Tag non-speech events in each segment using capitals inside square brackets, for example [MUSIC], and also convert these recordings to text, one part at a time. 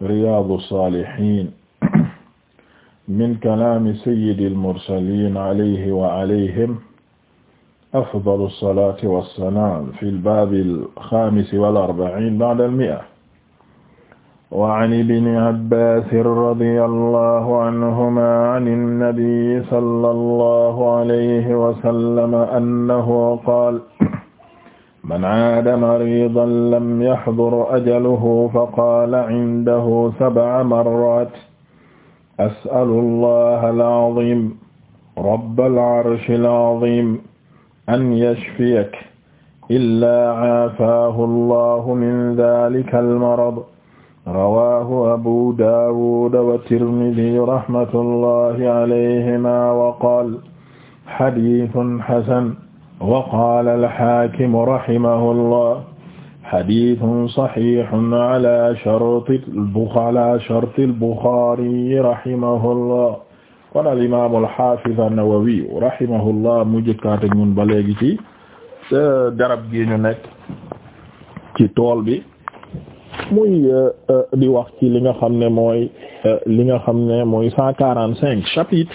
Riyaadu Saalihiin min kalaami sayyidil mursaliin alayhi wa alayhim afdalu salaati wa salaam fil baabil xaamisi wal arba'iin ba'dal mi'a. wa an ibni abbaasin radiyallaahu anhumaa anin nabiyyi sallallahu alayhi wa sallam annahu qaala man aada maridan lam yaxdur ajaluhu faqaala cindahu sabca marraat as'alu allaha alcaziim rabba alcarshi alcaziim an yashfiyak illaa caafaahu allahu min daalika almarad rawaahu abu daawuda wa tirmidi rahmatullahi calayhimaa wa qaala xadiisun xasan waqaal alxaakim rahimahullah xadiisun saxiixun ala sharti ala sharti albuxaari rahimahullah kon al imaam alxaafiz annawawi rahimahullah mu jëkkaat ak ñun ba léegi ci garab gi ñu nekk ci tool bi muy euh, euh, di wax ci li nga xam ne mooy euh, li nga xam ne mooy cent quarante cinq chapitre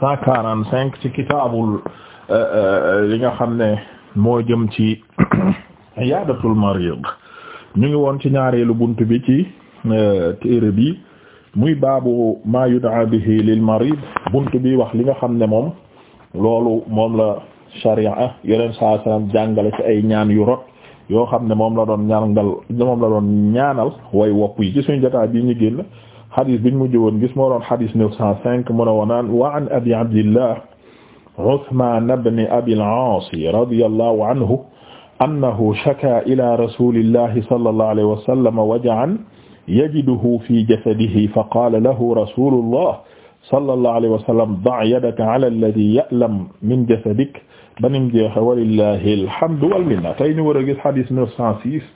cent quarante cinq ci kitaabul li nga xam ne moo jëm ci [CLEARS THROAT] iyaadatul marid ñu ngi woon ci ñaareelu bunt bi ci euh, téere bi muy baabu ma bi bihi lil marid bunt bi wax li nga xam ne moom loolu moom la sharia yeneen saa salaam jàngale ci ay ñaan yu rot yoo xam ne moom la doon ñaangal moom la doon ñaanal way wopp yi ci suñu jotaay bii ñu génn xadis biñ mu woon gis moo doon xadis neuf cent cinq mu ne woon naan wa an abi abdillah Usmaan ibn Abil Aas radiyallahu anhu annahu shakaa ilaa rasuulillahi sallallahu alayhi wa sallam waja'an yajiduhu fi jasadihi fa qaala lahu rasuulullah sallallahu alayhi wa sallam da' yadaka ala alladhi ya'lam min jasadik banim jeexe walillahi alhamdu wal minna tey ñu war a gis hadis 906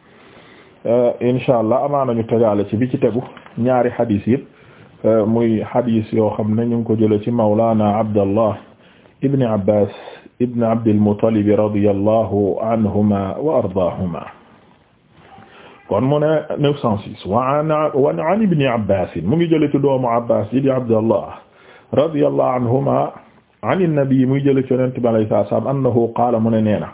euh, incha allah amaana ñu tegaale ci bi ci tegu ñaari hadis yëpp euh, muy hadis yoo xam ne ñu ngi ko jëlee ci Mawlaana Abdallah ibni abbas ibni abdilmutalib radiyallahu anhuma wa ardaahuma kon mu ne 906 wa an ibni abbas mu ngi jële ci doomu abbas yi di abdallah radiyallahu anhuma an innabi muy jële ci yonent bi alayhi salaam annahu qaala mu ne nee na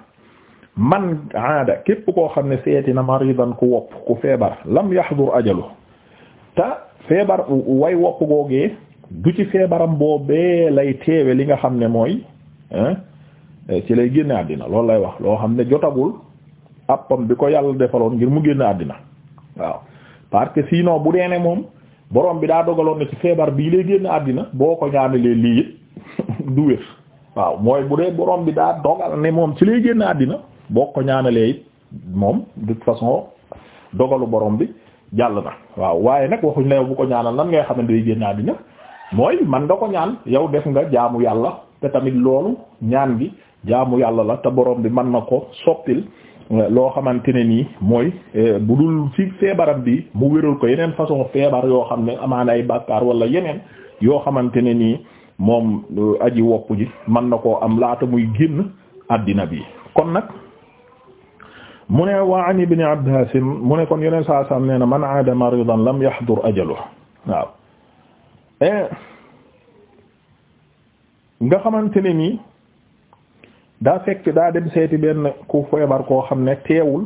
man aada képp koo xam ne seeti na maridan ku wopp ku feebar lam yaxdur ajalu te feebar way wopp googee du ci feebaram boobee lay teewe li nga xam ne mooy ci lay génne àddina loolu lay wax loo xam ne jotagul àppam bi ko yàlla defaloon ngir mu génne àddina waaw parce que sinon bu dee ne moom borom bi daa dogaloon ne feebar bii lay génne àddina boo ko ñaanalee lii it [LAUGHS] bu dee borom bi daa dogal ne moom ci lay génne àddina boo ko ñaanalee it moom de toute façon dogalu borom bi jàll na waaw waaye nag waxuñ la bu ko ñaanal nan ngay xam ne day génne àddina mooy man nga ko ñaan yow des nga jaamu yàlla te tamit loolu ñaan bi jaamu yàlla la te borom bi mën na ko soppil euh, loo xamante ne nii mooy euh, bu dul ci feebaram bi mu wéral ko yeneen façon feebar yoo xam ne amaana ay bàkkaar wala yeneen yoo xamante ne nii moom euh, aji wopp ji mën na koo am laata muy génn àddina bi kon nag mu ne wa an ibni abbas mu ne kon yeneen saa sam nee na man aada maridan lam yahdur ajalu waaw eh, nga xamante ne nii daa fekk daa dem seeti benn ku feebar koo xam ne teewul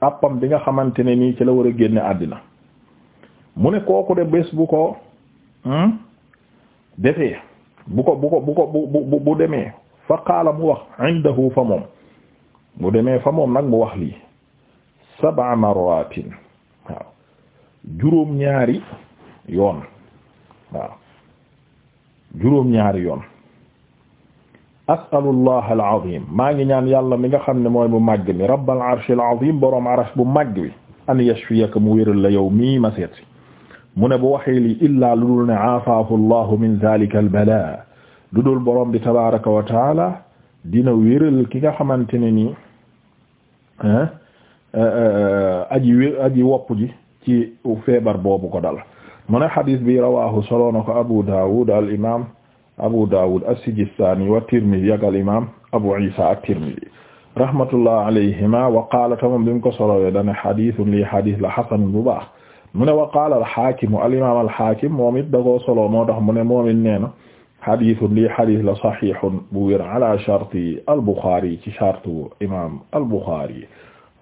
àppam bi nga xamante ne nii ci la war a génne àddina mu ne kooku de bés bu ko hmm, defee bu ko bu ko bu bu demee fa qaala mu wax indahu fa moom bu demee fa moom nag mu wax lii sab'a marratin waaw juróom ñaari yoon waaw juróom ñaari yoon asalullah alazim maa ngi ñaan yàlla mi nga xam ne mooy bu màgg mi rabbal arsh alazim boroom arash bu màgg bi an yashfiyaka mu wéral la yow mi ma seet mu ne bu waxee lii illaa lu dul ne aafaahu llahu min zalika al bala lu dul boroom bi tabaraka wa dina wéral ki nga xamante ne nii ah, eh, eh, aji wér ci feebar boobu ko dal mu ne xadis bi rawaahu soloona abu daawud al imam Abu Dawud as-Sijistani wa Tirmidhi ak al-imam Abu Isa at-Tirmidhi rahmatullah alayhima wa qaala tamam bi mu ko solowee dane xaditun lii xadis la xasan bu baax mu ne wa qaala alxaakimu alimam alxaakim moom it dagoo soloo moo tax mu ne moom it nee na xaditun lii la saxihun bu wér ala charti albuxaari ci chartu imam albuxaari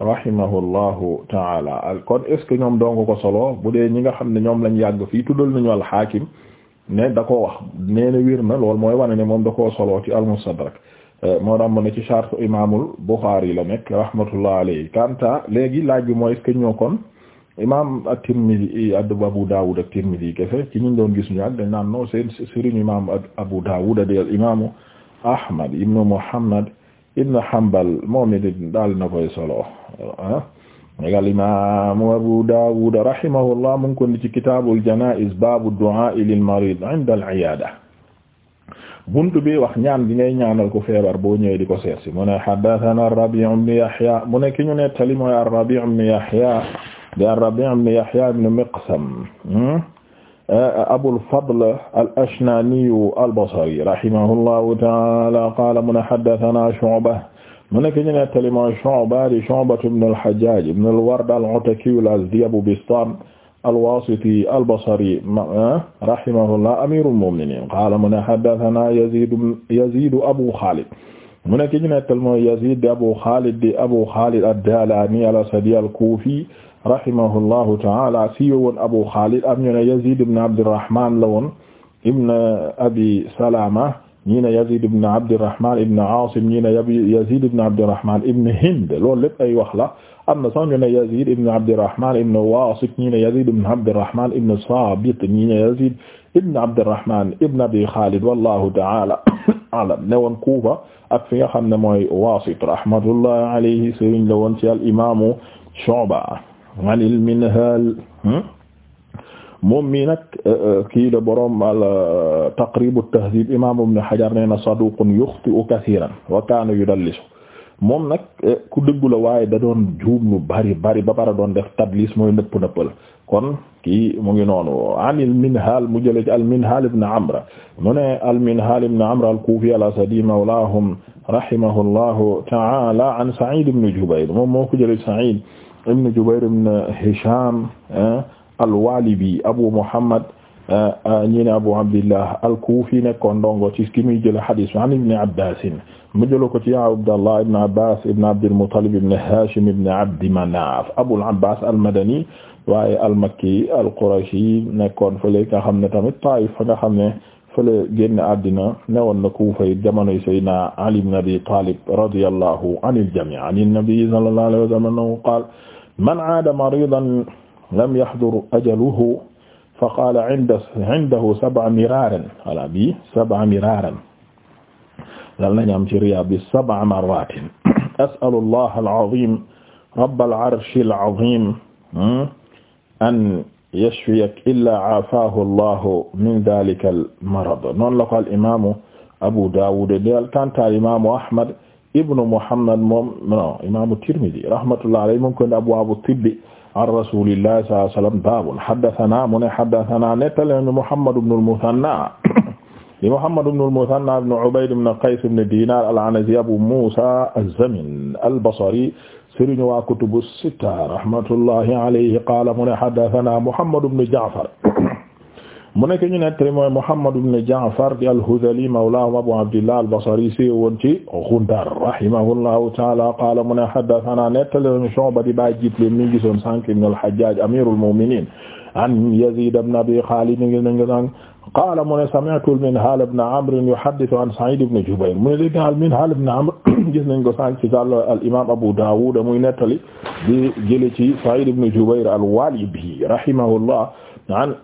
rahimahullahu taala kon est ce que ñoom dong ko solo bu dee ñi nga xam ne ñoom lañ yàgg fii tuddal nañu alxaakim ne da koo wax nee na wér na loolu mooy wane ne moom da koo soloo ci al-Mustadrak euh, moo tax mu ci sharh imaamul Bukhari la nekk rahmatullah alayhi kanta léegi laaj bi mooy est-ce que ñoo kon imam at-Tirmidhi eh, Abu Dawud ak Tirmidhi kefe ci ñu doon gis ñu ak dañ naan non seen sëriñ imam Abu Dawud di al imaamu Ahmad ibnu Muhammad ibnu Hanbal moom it daal na koy solo ah. negal imaamu Abu Dawud rahimahullah mu ngi ko ci kitaabul janaa'iz baabu du'aa'i lil mariid 'inda al-'iyaada buntu bi wax ñaan gi ngay ñaanal ko feebar boo ñëwee di ko seet si mu ne haddathanaa ar-Rabii' ibn Yahyaa mu ne ki ñu nettali mooy ar-Rabii' ibn Yahyaa di ar-Rabii' ibn Yahyaa ibn Miqsam hmm? Abul Fadl al-Ashnaani al-Basri rahimahullahu ta'aala qaala mu ne haddathanaa Shu'ba mu nekk ñu nettali mooy Shu'ba di Shu'ba ibn al-Hajjaj ibn al-Ward al-Ataki al-Azdi Abu Bistam al-Wasiti al-Basri rahimahullah amirul mu'minin qaala mu ne haddathana Yazid Yazid Abu Khalid mu nekk ñu nettali mooy Yazid di Abu Khalid di Abu Khalid ad-Dalani al-Asadi al-Kufi rahimahullahu ta'ala si woon Abu Khalid am ñu ne Yazid ibn Abdurrahman la woon ibn Abi Salama ñii ne Yazid ibn Abdirahman ibn Asim ñii ne Yazid ibn Abdirahman ibn Hind loolu lépp ay wax la am na sax ñu ne Yazid ibn Abdirahman ibn Wasit ñii ne Yazid ibn Abdirahman ibn Sabit ñii ne Yazid ibn Abdirahman ibn Abi Khalid wallahu ta'ala [COUGHS] a'lam ne woon Kufa ak fi nga xam ne mooy Wasit rahmatullahi alayhi sëriñ la woon ci al imaamu Shu'ba anil Minhal hmm? moom mii nag eh, eh, kii la boroom al eh, taqrib at-tahdhib imam ibn hajar nee na saduqun yukhti'u kathiran wa kana yudallisu moom nag ku dëggu la waaye da doon juum lu bari bari ba bara doon def tadlis mooy nëpp nëppal kon kii mu ngi noonu anil minhal mu jële ci al minhal ibn amr mu ne al minhal ibn amr al kufi al asadi mawlahum rahimahullahu ta'ala an sa'id ibn jubayr moom moo ko jële sa'id ibn jubayr ibn hisham al-Walibi Abu Muhammad euh, euh, ñi ne Abu Abdillah al-Kufi nekkoon ndongo ci ki muy jël hadis an Ibn Abbas mu jël ko ci Abdallah ibn Abbas ibn Abdil Muttalib ibn Hashim ibn Abdi Manaf Abul Abbas al-Madani waaye al-Makki al-Qurashi nekkoon fële nga xam ne tamit Taif fa nga xam ne fële génn àddina newoon na Kufa jamonoy Sayyidina Ali ibn Abi Talib radiyallahu anil jami' an an-nabi sallallahu alayhi wa sallam qaala man aada maridan lam yahdur ajaluhu fa qaala inda indahu sab'a miraaran voilà bi sab'a miraaran lan lañ am ci riyaad bi sab'a marratin as'alu allaha al-azim rabbal arshil azim hmm, an yashfiyak illaa aafaahu allahu min daalika al-marad noonu la ko al imaamu Abu Daawud deel kantaal imaamu Ahmad ibnu Muhammad moom non imaamu Tirmidi rahmatullahi alayhi moom ko abwaabu tibbi an rasulillahi sallallahu alayhi wa sallam baabun haddathana mu ne haddathana nettale mi Muhammad ibn al-Muthanna li [COUGHS] Muhammad ibn al-Muthanna ibn Ubayd ibn Qays ibn Dinar al-Anazi Abu Musa az-Zamin al-Basri sëriñ wa kutubu sitta rahmatullahi alayhi qala mu ne haddathana Muhammad ibn Ja'far mu nekk ñu nettali mooy Muhammad ibn Ja'far di al-Hudhali mawlaahum Abu Abdillah al-Basri siiwoon ci Ghundar rahimahullahu ta'ala qaala mu ne haddathanaa nettali Shu'ba di bàyyi jiit leen mi ngi gisoon sànq ibn al-Hajjaj amirul mu'minin an Yazid ibn Abi Khalid mi ngi ngi sànq qaala mu ne sami'tu al-Minhal ibn Amr yuhaddithu an Sa'id ibn Jubayr mu ne dégg naa al-Minhal ibn Amr [COUGHS] gis nañ ko sànq ci sàll al-imam Abu Dawud muy nettali di jële ci Sa'id ibn Jubayr al-Walibi rahimahullah an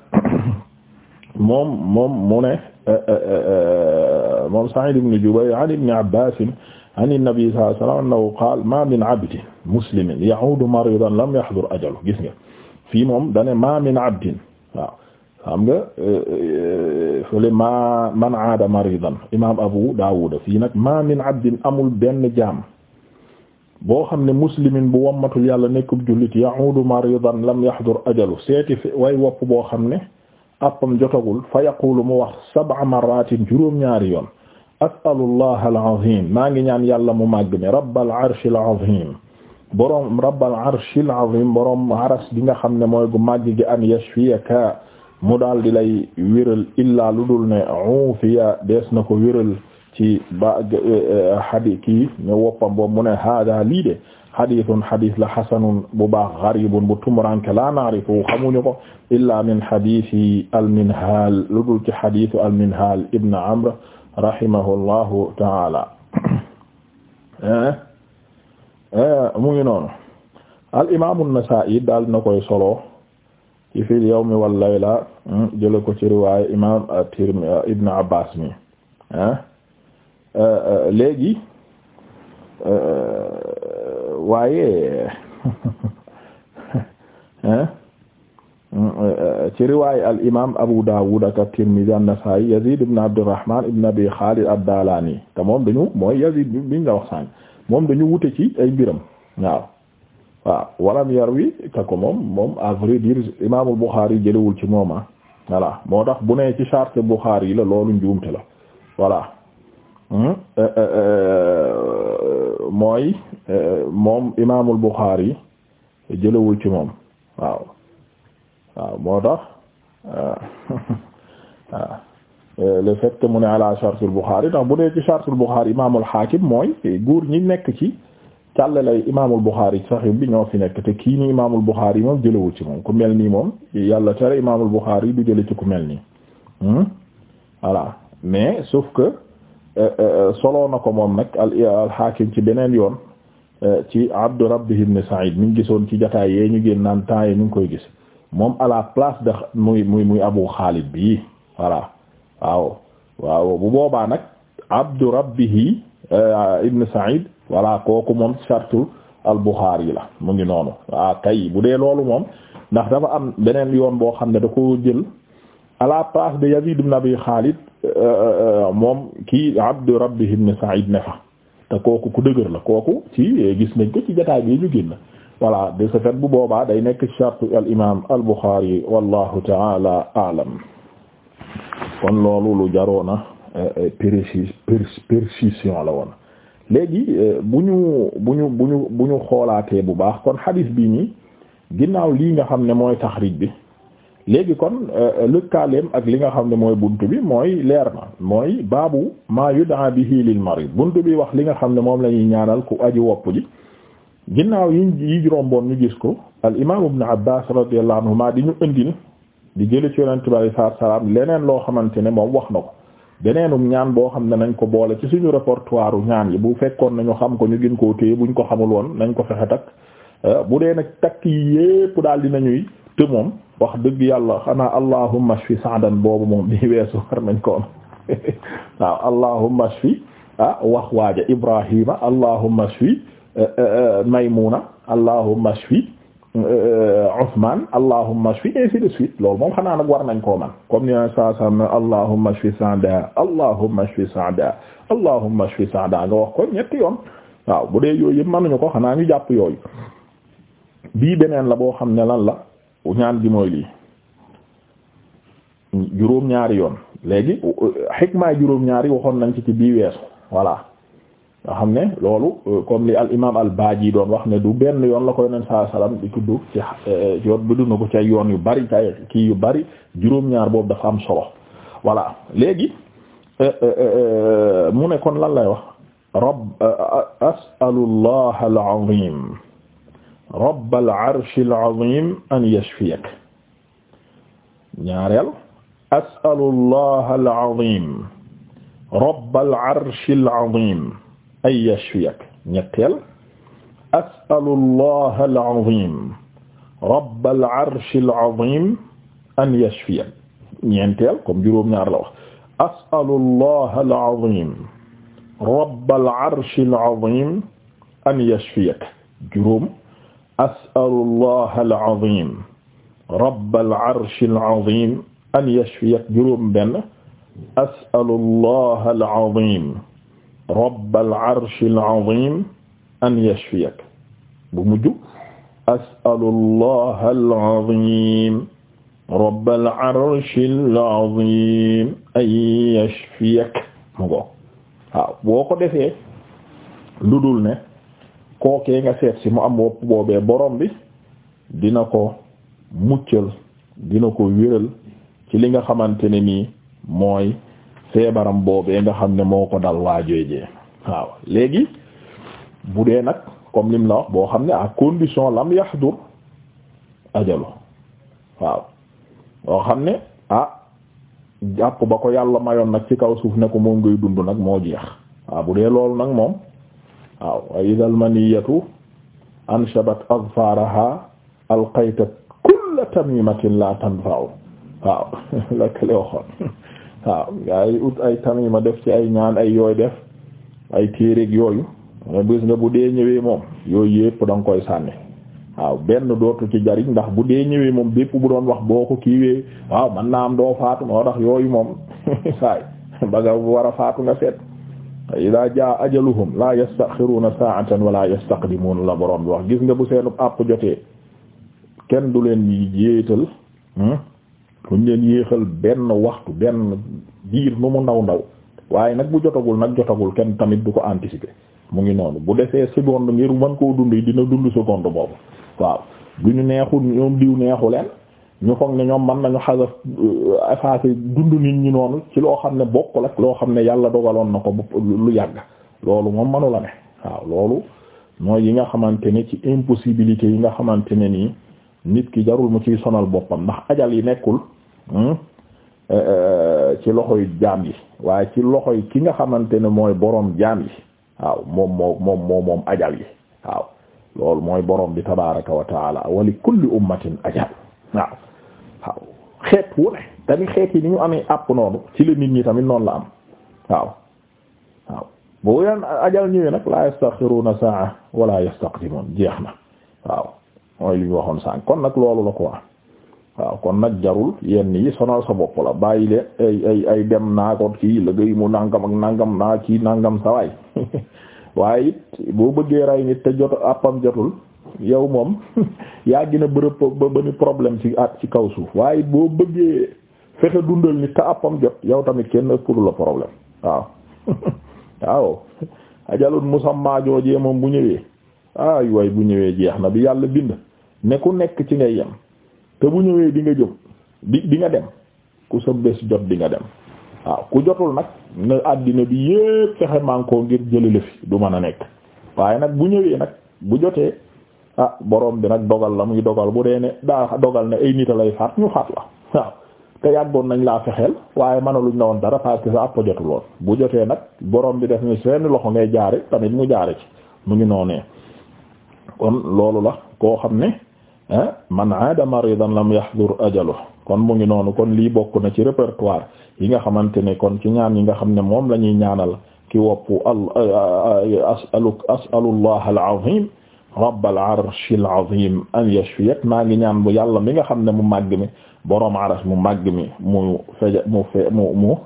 moom moom mu ne eh, eh, eh, moom Sa'id ibn Jubayr an ibn Abbas an an-nabi sallallahu alayhi wa sallam annahu qaala ma min abdin muslimin ya'uudu mariidan lam yahdur ajaluhu gis nga fii moom dane ma min abdin waaw xam nga fële ma man aada maridan imaam Abu Daawuda fii nag ma min abdin amul benn jaam boo xam ne muslimin bu wammatul yàlla nekkub jullit ya'uudu maridan lam yahdur ajalu seeti way wopp boo xam ne àppam jotagul fa yaqulu mu wax sab'a marratin juróom-ñaari yoon as'alullah maa ngi ñaan yàlla mu màgg mi rabbal arshil azim boroom rabbal arshil azim boroom aras nga xam ne mooy gu màgg gi an yashfiyaka mu daal di lay wéral illaa lu dul ne ufiya dees na ko wéral ci ba eh, eh, hadi kii ne woppam boobu mu ne hada lii de xaditun xadis la xasanun bu baax garibun bu tumuranke la naarifu xamuñu ko illa min xadisi alminhal lu dul ci xadisu alminhal ibn amr rahimahullahu taala eh, mu ngi noonu al imaamu Nasaa'i daal na koy solo ci fil yawmi wal layla hmm, jële ko ci riwaaya imaam Tirmidhi ibn Abbaas mi eh, eh, léegi waaye [LAUGHS] mm, eh, eh, ci riwaaya al imaam Abu Dawud ak at-Tirmidhi an-Nasa'i Yazid ibn Abdurrahman ibn Abi Khalid ad-Dalani te moom dañu mooy Yazid bi nga wax sànq moom dañu wute ci ay mbiram waaw waaw walam yarwi ka ko moom moom à vrai imaamul Bukhari jëlewul ci moom ah voilà moo tax bu nee ci charte Bukhari yi la loolu njuumte la voilà hmm? eh, mooy. moom imaamul Buxaari jëlewul ci moom waaw waaw moo tax waaw le fait que mu ne ala shartul Buxaari ndax bu dee ci shartul Buxaari imaamul Haakim mooy góor ñi nekk ci càllalay imaamul Buxaari Sahih bi ñoo fi nekk te kii nii imaamul Buxaari moom jëlawul ci moom ku mel nii moom yàlla tere imaamul Buxaari du jële ci ku mel nii hmm? voilà mais sauf que euh, euh, solo na ko moom nag al al Haakim ci beneen yoon. ci Abdu Rabbih ibn Sa'id mi ngi gisoon ci jataay yee ñu génn naan temps yi ñu ngi koy gis moom à la place de muy muy muy Abu Xaalid bii voilà waaw waaw bu boobaa nag Abdu Rabbih euh, ibn Sa'id voilà kooku moom sartu al-Bukhari la mu ngi noonu waaw kay bu dee loolu moom ndax dafa am beneen yoon boo xam ne da ko jël à la place de Yazid ibn Abi Xaalid euh, euh, moom kii Abdu Rabbih ibn Sa'id ne fa kooku ku dëgër la kooku ci gis nañ ko ci jotaay bi ñu génn voilà de ce fait bu boobaa day nekk shartu al imam al Bukhari wallahu taala alam kon loolu lu jaroona eh, eh, précis précision la woon léegi eh, bu ñu bu ñu bu ñu bu ñu xoolaatee bu baax kon hadith bi nii ginnaaw lii nga xam ne mooy taxrij bi léegi kon euh, lëkkaleem ak li nga xam ne mooy bunt bi mooy leer na mooy baabu maa bi bihi lil yi bunt bi wax li nga xam ne moom la ñuy ñaanal ku aji wopp ji ginnaaw yi yi romboon ñu gis ko al imam ibn abbas radiyallahu anhuma di ñu indil di jële ci yonent bi alayhi salaatu salaam leneen loo xamante ne moom wax na ko beneenum ñaan boo xam ne nañ ko boole ci suñu répertoire ñaan yi bu fekkoon nañu xam ko ñu gën koo téye buñ ko xamul woon nañ ko fexe takk euh, bu dee nag takk daal dinañuy të moom wax dëgg yàlla xanaa allahumma shfi sa'dan boobu moom bi weesu war nañ ko waaw allahumma shfi ah wax waaja ibrahima allahumma shfi eh, eh, eh, maymuna allahumma shfi Ousmane allahumma shfi ainsi de suite loolu moom xanaa nag war nañ koo man comme ni saa saa ne allahumma shfi sa'da allahumma shfi sa'da allahumma shfi sa'da nga wax ko ñetti yoon waaw bu dee yooyu yëpp mënuñu ko xanaa ñu jàpp yooyu bii beneen la boo xam ne lan la ñaan gi mooy lii juróom ñaari yoon léegi xikmaay juróom ñaari waxoon nañ ci bii weesu voilà nga xam ne loolu comme li al imaam al baaji doon wax ne du benn yoon la ko yoneen saa salaam di tudd ci eh, yoon bi dund ko ci yoon yu bari ci kii yu bari juróom ñaar boobu dafa am solo voilà léegi eh, eh, mu ne kon lan lay wax rabb as'alullaha al-azim rabbal arshil azim an yashfiyak ñaareel as'alullah al azim rabbal arshil azim an yashfiyak ñetteel as'alullah al azim rabbal arshil azim an yashfiyak ñeenteel comme juróom ñaar la wax as'alullah al azim rabbal arshil azim an yashfiyak juróom as'alu allah al-azim rabbal arshil azim an yashfiyak juróom benn as'alu allah al-azim rabbal arshil azim an yashfiyak bu mujj as'alu allah al-azim rabbal arshil azim an yashfiyak mu go waaw boo ko defee lu dul ne kookee nga seet si mu am wopp boobee borom bi dina ko muccal dina ko wéral ci li nga xamante ne nii mooy feebaram boobee nga xam ne moo ko dal waajoojee waaw léegi bu dee nag comme lim la wax boo xam ne à condition lam yaxdur ajalu waaw boo xam ne ah jàpp ba ko yàlla mayoon nag ci kaw suuf ne ko moom ngay dund nag moo jeex waaw bu dee loolu nag moom waaw wa idha almaniyatu anshabat azfaraha alqayta kulla tamimatin la tanfa'u waaw lakkale [LAUGHS] waxoon [LAUGHS] waaw gaa yi ut ay tamima def ci ay ñaan ay yooy def ay téereeg yooyu mais bés nga bu dee ñëwee moom yooyu yëpp da nga koy sànni waaw benn dootu ci jariñ ndax bu dee ñëwee moom bépp bu doon wax boo ko kiiwee waaw man naa am doo faatu moo tax yooyu moom [LAUGHS] saay ba nga faatu nga seet idaa jaa ajaluhum la yastaxiruuna saa'atan wala yastaqdimuun la borom bi wax gis nga bu seenu àpp jotee kenn du leen yéetal hmm? duñ leen yéexal benn waxtu benn diir nu mu ndaw ndaw waaye nag bu jotagul nag jotagul kenn tamit du ko anticiper mu ngi noonu bu defee seconde ngir mën koo dund dina dund seconde boobu waaw du ñu neexul ñoom diw neexu leen ñu foog ne ñoom mën nañu xasaf euh, effacé dund nit ñi noonu ci loo xam ne bokk ak loo xam ne yàlla dogaloon na ko lu yàgg loolu moom manu la ne waaw loolu mooy yi nga xamante ne ci impossibilité yi nga xamante ne nii nit ki jarul mu ciy sonal boppam ndax ajal yi nekkul hmm, euh, euh, ci loxoy jaam yi waaye ci loxoy ki nga xamante ne mooy boroom jaam yi waaw moom moo moom moom ajal yi waaw loolu mooy boroom bi tabaraka wa taala wa li ajal waaw waaw xeet wu ne tamit xeet yi ni ñu amee àpp noonu ci la nit ñi tamit noonu la am waaw waaw boo yan ajal ñëwee nag la yastaxiruna saa wala jeex na waaw mooy waxoon sànq kon nag loolu la kon nag jarul yenn yi sonal sa bopp la bàyyi leen ay ay ay mu nangam nangam naa kii nangam sa waay [LAUGHS] waaye it boo bëggee rey nit te jot àppam jotul yow moom [LAUGHS] yàgg na a bërëb ba ba ni problème ci at ci kaw suuf waaye boo bëggee fexe dundal nit te àppam jot yow tamit kenn ëppul la problème waaw [LAUGHS] waaw ajalul musammaa joojee moom bu ñëwee ay way bu ñëwee jeex na bi yàlla bind ne ku nekk ci ngay yem te bu ñëwee di nga jëm di di nga dem ku sa bés jot di nga dem waaw ku jotul nag na àddina bi yépp fexe man ngir jëlale fi du mën a nekk waaye nag bu ñëwee nag bu jotee ah borom bi nag dogal la muy dogal bu dee ne daa dogal ne ay nit a lay faat ñu faat la waaw te yàggoon nañ laa fexeel waaye mënaluñ la woon dara parce que sa àpp jotuloon bu jotee nag boroom bi def ni seen loxo ngay jaare tamit mu jaare ci mu ngi noonee kon loolu la koo xam ne ah, man aada maridan lam yahdur ajalu kon mu noonu kon lii bokk na ci répertoire yi nga xamante ne kon ci ñaan yi nga xam ne moom lañuy ñaanal ki wopp al asaluk asalullah al azim rabbal arshil azim an yashfiyak maa ngi ñaan bu yàlla mi nga xam ne mu màgg mi boroom arash mu màgg mi mu feja mu fe mu mu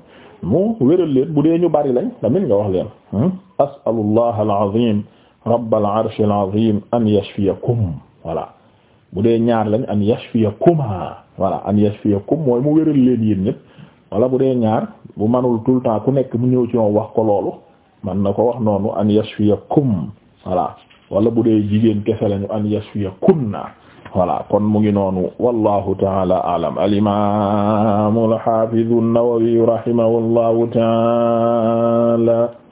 mu wéral leen bu dee ñu bari lañ tamit nga wax leen hmm? as'alullah al-azim rabbal arshil azim an yashfiyakum wala bu dee ñaar lañ an yashfiyakuma voilà an yashfiyakum mooy mu wéral leen yéen ñépp wala bu dee ñaar bu manul tout le temps ku nekk mu ñëw ci moom wax ko loolu man na ko wax noonu an yashfiyakum voilà wala bu dee jigéen kese lañu an yasfiya kunna voilà kon mu ngi noonu wallahu taala alam al imam al hafiz an-Nawawi rahimahullahu taala